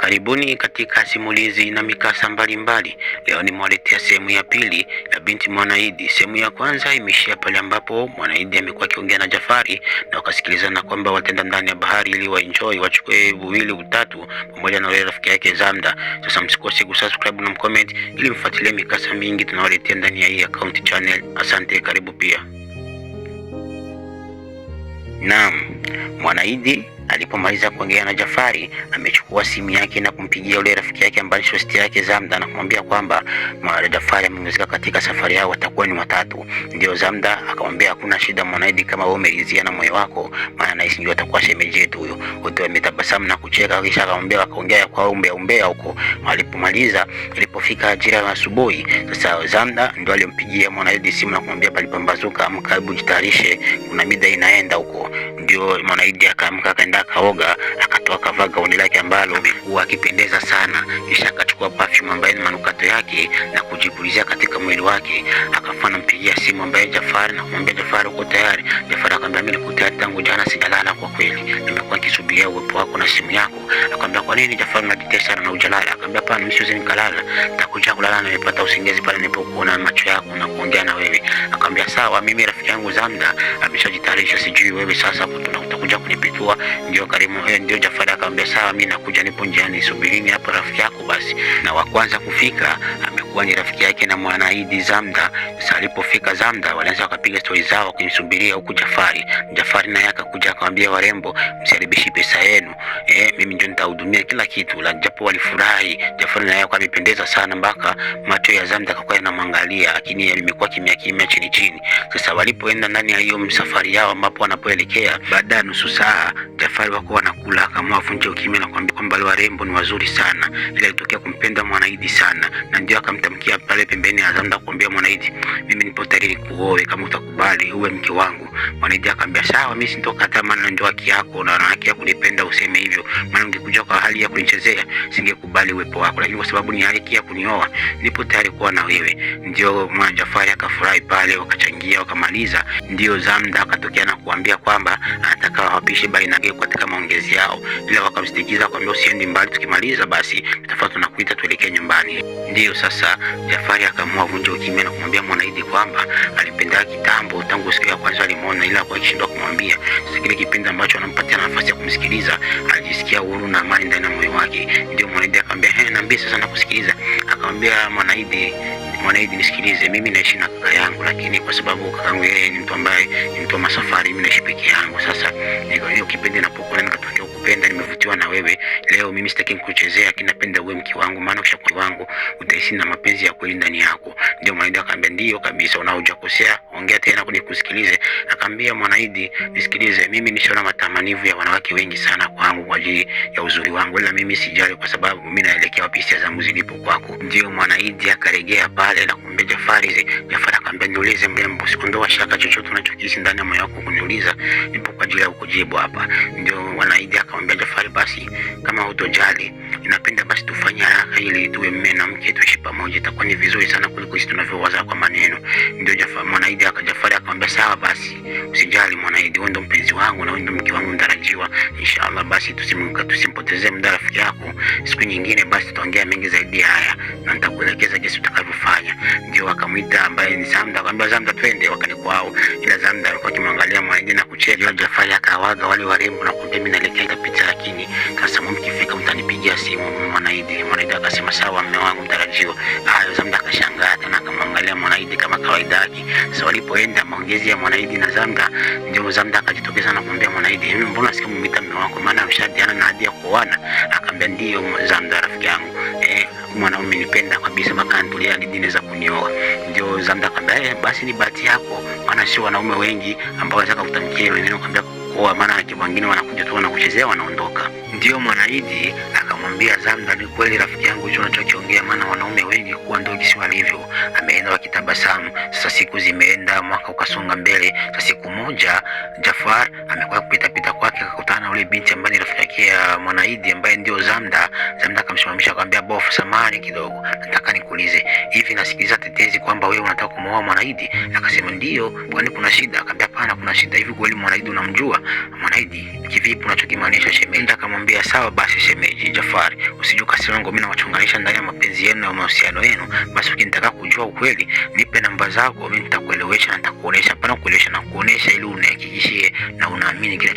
Karibuni katika simulizi na mikasa mbalimbali. Leo nimewaletea sehemu ya pili ya binti Mwanaidi. Sehemu ya kwanza imeishia pale ambapo Mwanaidi amekuwa akiongea na Jafari na wakasikilizana kwamba watenda ndani ya bahari ili waenjoy, wachukue buwili utatu, pamoja na wale rafiki yake Zamda. Sasa msikose kusubscribe na mcomment ili mfuatilie mikasa mingi tunawaletea ndani ya hii account channel. Asante, karibu pia. Naam, Mwanaidi Alipomaliza kuongea na Jafari, amechukua simu yake na kumpigia yule rafiki yake ambaye shosti yake Zamda na kumwambia kwamba mara Jafari ameongezeka katika safari yao, watakuwa ni watatu. Ndio Zamda akamwambia hakuna shida Mwanaidi, kama wewe umeridhia na moyo wako, maana naisi ndio atakuwa shemeji yetu huyo. Wote wametabasamu na kucheka, kisha akamwambia akaongea kwa umbea umbea huko. Alipomaliza, ilipofika ajira ya asubuhi, sasa Zamda ndio alimpigia Mwanaidi simu na kumwambia palipambazuka, amka, hebu jitayarishe, kuna mida inaenda huko. Ndio Mwanaidi akaamka akaenda akaenda akaoga, akatoa kavaa gauni lake ambalo lilikuwa akipendeza sana, kisha akachukua perfume ambayo ni manukato yake na kujipulizia katika mwili wake. Akafa anampigia simu ambaye Jafari na kumwambia Jafari, uko tayari? Jafari akamwambia mimi niko tayari, tangu jana sijalala kwa kweli, nimekuwa nikisubiria uwepo wako na simu yako. Akamwambia kwa nini Jafari, unajitesa sana na ujalala? Akamwambia hapana, mimi siwezi nikalala, nitakuja kulala na nimepata usingizi pale nilipokuona macho yako na kuongea na wewe. Akamwambia sawa, mimi rafiki yangu Zamda ameshajitayarisha, sijui wewe sasa kutuna kunipitua. ndio Karimu he, ndio Jafari akamwambia sawa, mimi nakuja, nipo njiani, subirini hapo rafiki yako. Basi na wa kwanza kufika kuwa ni rafiki yake na Mwanaidi Zamda. Sasa alipofika Zamda, walianza wakapiga stori zao wakimsubiria huku Jafari. Jafari naye akakuja akamwambia warembo, msiharibishi pesa yenu eh, mimi ndio nitahudumia kila kitu la. Japo walifurahi, Jafari naye akawa amependeza sana mpaka macho ya Zamda akakuwa yanamwangalia, lakini yalikuwa kimya kimya chini chini. Sasa walipoenda ndani ya hiyo msafari yao ambapo wanapoelekea, baada ya nusu saa Jafari wako wanakula, akaamua avunje ukimya na kuambia kwamba wale warembo ni wazuri sana, ila alitokea kumpenda Mwanaidi sana na ndio nitamkia pale pembeni, akaanza kuambia mwanaiji, mimi nipo tayari nikuoe kama utakubali uwe mke wangu. mwanaiji sawa, mimi sitoka hata maana ndio haki yako na haki yako kunipenda useme hivyo, maana ungekuja kwa hali ya kunichezea singekubali uwepo wako, lakini kwa sababu ni haki ya kunioa nipo tayari kuwa na wewe. Ndio mwana Jafari akafurahi pale, wakachangia wakamaliza. Ndio Zamda akatokea na kuambia kwamba anataka wapishe baina yake katika maongezi yao, ila wakamsindikiza kwamba usiende mbali, tukimaliza basi tutafuata na kuita tuelekee nyumbani. Ndio sasa Jafari akaamua vunja ukimya na kumwambia Mwanaidi kwamba alipenda kitambo tangu siku ya kwanza alimuona, ila kwa kishindwa kumwambia kumwambia, kile kipindi ambacho anampatia nafasi ya kumsikiliza alijisikia huru na amani ndani ya moyo wake. Ndio Mwanaidi akamwambia, he, naambia sasa nakusikiliza. Akamwambia Mwanaidi, Mwanaidi nisikilize, mimi naishi na kaka yangu, lakini kwa sababu kaka yangu yeye ni mtu ambaye ni mtu wa safari, mimi naishi peke yangu. Sasa hiyo kipindi napokuona na kutokea kupenda, nimevutiwa na wewe, leo mimi sitaki nikuchezea, lakini napenda uwe mke wangu, maana kisha kwa wangu utaishi na mapenzi ya kweli ndani yako. Ndio Mwanaidi akamwambia, ndio kabisa, unaojakosea, ongea tena kunikusikilize Nikamwambia Mwanaidi, nisikilize, mimi nishaona matamanivu ya wanawake wengi sana kwangu kwa ajili ya uzuri wangu, ila mimi sijali kwa sababu mimi naelekea wapi hisia zangu zilipo kwako. Ndio Mwanaidi akaregea pale na kumbe Jafari. Jafari akamwambia, niulize mrembo, sikondoa shaka chochote unachokihisi ndani ya moyo wako kuniuliza, nipo kwa ajili ya kukujibu hapa. Ndio Mwanaidi akamwambia Jafari, basi kama hutojali napenda basi tufanye haraka ili tuwe mme na mke tuishi pamoja, itakuwa ni vizuri sana kuliko sisi tunavyowaza kwa maneno. Ndio Mwanaidi akajafari akamwambia sawa basi, usijali Mwanaidi, wewe ndio mpenzi wangu na wewe ndio mke wangu mtarajiwa, inshallah. Basi tusimka, tusimpotezee muda rafiki yako, siku nyingine basi tutaongea mengi zaidi haya na nitakuelekeza jinsi utakavyofanya. Ndio akamwita ambaye ni Zamda, akamwambia Zamda, twende wakani kwao, ila Zamda alikuwa akimwangalia Mwanaidi na kucheka. Jafari akawaga wale warembo na kumbe mimi naelekea kapita, lakini kasa mumki Nikampigia simu Mwanaidi, Mwanaidi akasema sawa, mme wangu mtarajiwa. Hayo Zamda akashangaa tena, akamwangalia Mwanaidi kama kawaida yake. Sasa walipoenda maongezi ya Mwanaidi na Zamda, ndio Zamda akajitokeza na kumwambia Mwanaidi, mimi mbona mita mme wangu, maana ameshadiana na hadi ya kuoana? Akamwambia ndio Zamda, rafiki yangu eh, mwanaume nipenda kabisa, makantulia ni dini za kunioa. Ndio Zamda akamwambia eh, basi ni bahati yako, maana sio wanaume wengi ambao wanataka kutamkia maneno, akamwambia kuoa, maana wengine wanakuja tu wanakuchezea, wanaondoka. Ndio Mwanaidi Nikamwambia zamda ni kweli rafiki yangu hicho unachokiongea, maana wanaume wengi kuwa ndio jinsi walivyo. Ameenda wakitabasamu. Sasa siku zimeenda, mwaka ukasonga mbele. Sasa siku moja Jafar amekuwa kupita pita kwake, akakutana na yule binti ambaye ni rafiki yake ya Mwanaidi ambaye ndio Zamda akamsimamisha akamwambia, bofu, samani kidogo, nataka nikuulize, hivi nasikiliza tetezi kwamba wewe unataka kumwoa Mwanaidi? Akasema ndio, kwani kuna shida? Akamwambia hapana, kuna shida. Hivi kweli Mwanaidi unamjua? Mwanaidi kivipi unachokimaanisha shemeji? Ndio Akamwambia sawa basi shemeji Jafari, usijue kasi yangu mimi nawachonganisha ndani ya mapenzi yenu na mahusiano yenu. Basi ukinitaka kujua ukweli, nipe namba zako, mimi nitakuelewesha na nitakuonesha. Hapana kuelewesha na kuonesha, ili unihakikishie na unaamini kile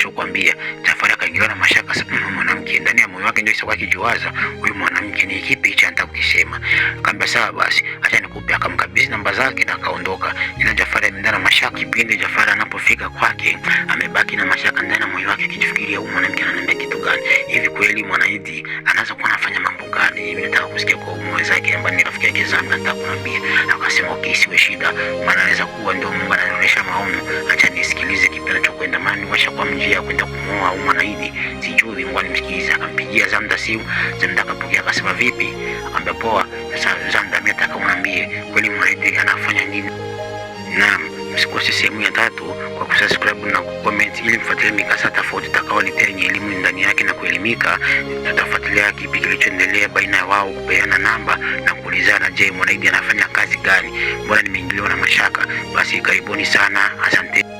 Jafari akaingiwa mashaka sana na mwanamke. Ndani ya moyo wake ndio isakuwa kijiwaza, huyu mwanamke ni kipi hicho anataka kukisema? Akamwambia sawa basi, acha nikupe. Akamkabidhi namba zake na akaondoka. Ila Jafari ameenda na mashaka. Kipindi Jafari anapofika kwake, amebaki na mashaka ndani ya moyo wake, akijifikiria huyu mwanamke ananiambia kitu gani? Hivi kweli Mwanaidi anaweza kuwa anafanya mimi nataka kusikia kwa mume wake ambaye ni rafiki yake sana, nataka kumwambia. Akasema okay, siwe shida, maana anaweza kuwa ndio Mungu ananionyesha maono, acha nisikilize kipi anachokwenda, maana nimesha kwa mjia kwenda kumwoa au mwanaidi, sijui. Mungu animsikiliza. Akampigia Zamda simu, Zamda akapokea, akasema vipi? Akamwambia poa. Sasa Zamda, mimi nataka uniambie kweli mwaidi anafanya nini? Naam, msikose sehemu ya tatu kwa kusubscribe na kucomment ili mfuatilie mikasa tofauti utakaolipia yenye elimu ndani yake na kuelimika. Tutafuatilia kipi kilichoendelea baina ya wao kupeana namba na kuulizana, je, Mwanaidi anafanya kazi gani? Mbona nimeingiliwa na mashaka? Basi karibuni sana, asante.